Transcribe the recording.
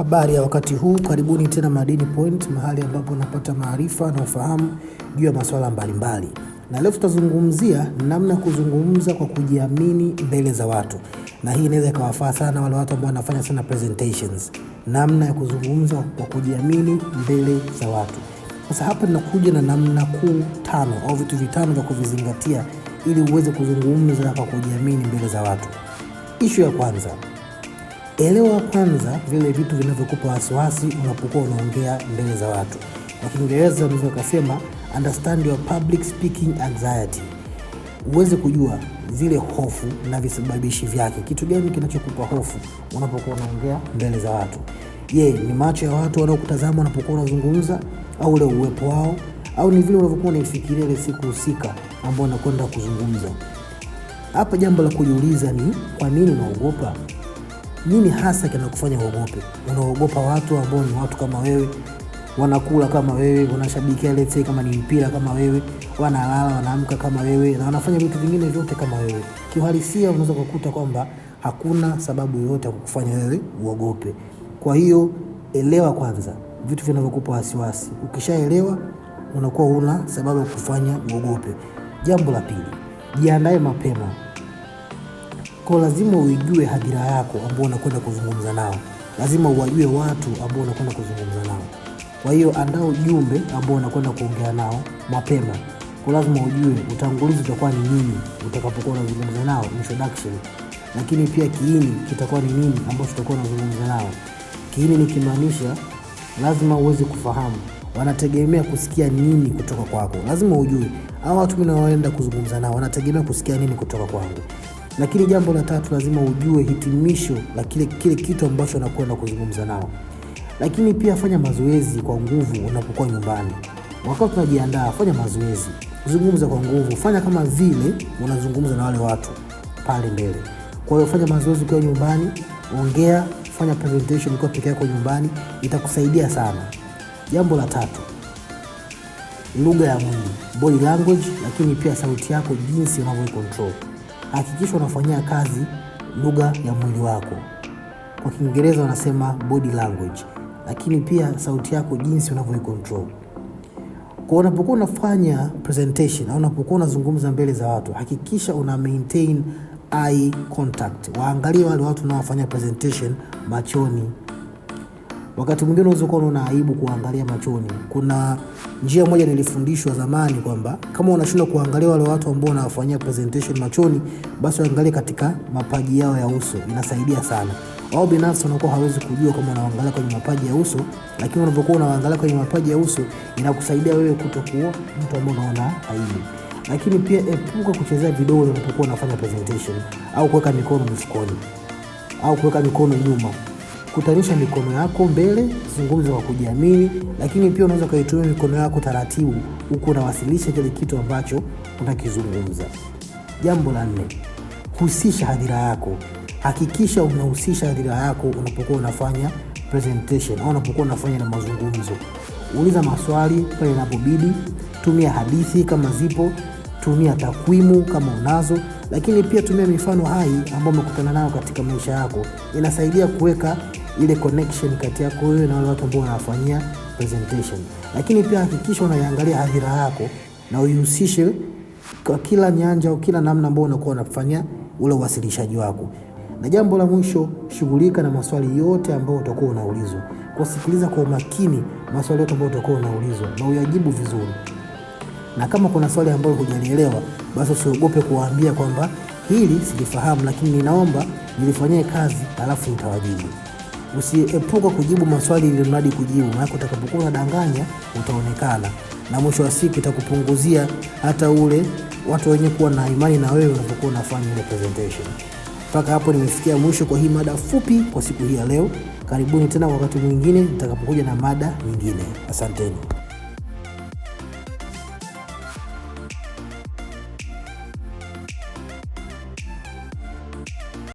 Habari ya wakati huu, karibuni tena Madini Point, mahali ambapo unapata maarifa na ufahamu juu ya masuala mbalimbali. Na leo tutazungumzia namna ya kuzungumza kwa kujiamini mbele za watu, na hii inaweza ikawafaa sana wale watu ambao wanafanya sana presentations, namna ya kuzungumza kwa kujiamini mbele za watu. Sasa hapa ninakuja na namna kuu tano au vitu vitano vya kuvizingatia ili uweze kuzungumza kwa kujiamini mbele za watu. Ishu ya kwanza Elewa kwanza vile vitu vinavyokupa wasiwasi unapokuwa unaongea mbele za watu. Kwa Kiingereza unaweza ukasema understand your public speaking anxiety, uweze kujua zile hofu na visababishi vyake. Kitu gani kinachokupa hofu unapokuwa unaongea mbele za watu? Je, ni macho ya watu wanaokutazama unapokuwa unazungumza, au ule uwepo wao, au ni vile unavyokuwa unaifikiria ile siku husika ambayo unakwenda kuzungumza? Hapa jambo la kujiuliza ni kwa nini unaogopa nini hasa kinakufanya uogope? Unaogopa watu ambao ni watu kama wewe, wanakula kama wewe, wanashabikia let's kama ni mpira kama wewe, wanalala wanaamka kama wewe, na wanafanya vitu vingine vyote kama wewe. Kiuhalisia unaweza kukuta kwamba hakuna sababu yoyote ya kukufanya wewe uogope. Kwa hiyo elewa kwanza vitu vinavyokupa wasiwasi. Ukishaelewa unakuwa una sababu ya kufanya uogope. Jambo la pili, jiandaye mapema. Kwa lazima uijue hadhira yako ambao unakwenda kuzungumza nao, lazima uwajue watu ambao unakwenda kuzungumza nao. Kwa hiyo andaa ujumbe ambao unakwenda kuongea nao mapema. Kwa lazima ujue utangulizi utakuwa ni nini utakapokuwa unazungumza nao, introduction, lakini pia kiini kitakuwa ni nini ambacho utakuwa unazungumza nao. Kiini nikimaanisha, lazima uweze kufahamu wanategemea kusikia nini kutoka kwako. Lazima ujue hawa watu mimi kuzungumza nao wanategemea kusikia nini kutoka kwangu. Lakini jambo la tatu, lazima ujue hitimisho la kile kile kitu ambacho unakwenda kuzungumza nao. Lakini pia fanya mazoezi kwa nguvu unapokuwa nyumbani. Wakati unajiandaa, fanya mazoezi, zungumza kwa nguvu, fanya kama vile unazungumza na wale watu pale mbele. Kwa hiyo fanya mazoezi ukiwa nyumbani, ongea, fanya presentation ukiwa peke yako nyumbani, itakusaidia sana. Jambo la tatu, lugha ya mwili, body language, lakini pia sauti yako, jinsi unavyo control hakikisha unafanyia kazi lugha ya mwili wako. Kwa Kiingereza wanasema body language, lakini pia sauti yako, jinsi unavyoicontrol. Kwa unapokuwa unafanya presentation au unapokuwa unazungumza mbele za watu, hakikisha una maintain eye contact. Waangalie wale watu unaofanya presentation machoni Wakati mwingine unaweza kuwa unaona aibu kuangalia machoni. Kuna njia moja nilifundishwa zamani kwamba kama unashindwa kuangalia wale watu ambao wanawafanyia presentation machoni, basi waangalie katika mapaji yao ya uso, inasaidia sana. Wao binafsi wanakuwa hawezi kujua kama unaangalia kwenye mapaji ya uso, lakini unapokuwa unaangalia kwenye mapaji ya uso inakusaidia wewe kutokuwa mtu ambaye unaona aibu. Lakini pia epuka kuchezea vidole unapokuwa unafanya presentation au kuweka mikono mifukoni au kuweka mikono nyuma kutanisha mikono yako mbele, zungumza kwa kujiamini, lakini pia unaweza ukaitumia mikono yako taratibu, huku unawasilisha kile kitu ambacho unakizungumza. Jambo la nne, husisha hadhira yako. Hakikisha unahusisha hadhira yako unapokuwa unafanya presentation au unapokuwa unafanya na mazungumzo. Uliza maswali pale inapobidi, tumia hadithi kama zipo, tumia takwimu kama unazo, lakini pia tumia mifano hai ambayo umekutana nayo katika maisha yako. Inasaidia kuweka ile connection kati yako wewe na wale watu ambao wanafanyia presentation. Lakini pia hakikisha unaiangalia hadhira yako na uihusishe kwa kila nyanja au kila namna ambayo unakuwa unafanya ule uwasilishaji wako. Na jambo la mwisho, shughulika na maswali yote ambayo utakuwa unaulizwa. Kusikiliza kwa umakini maswali yote ambayo utakuwa unaulizwa na uyajibu vizuri. Na kama kuna swali ambalo hujalielewa, basi usiogope kuwaambia kwamba hili silifahamu, lakini ninaomba nilifanyie kazi, halafu nitawajibu. Usiepuka kujibu maswali ili mradi kujibu, maana utakapokuwa unadanganya utaonekana, na mwisho wa siku itakupunguzia hata ule watu wenye kuwa na imani na wewe unapokuwa unafanya ile presentation. Mpaka hapo nimefikia mwisho kwa hii mada fupi kwa siku hii ya leo. Karibuni tena wakati mwingine nitakapokuja na mada nyingine. Asanteni.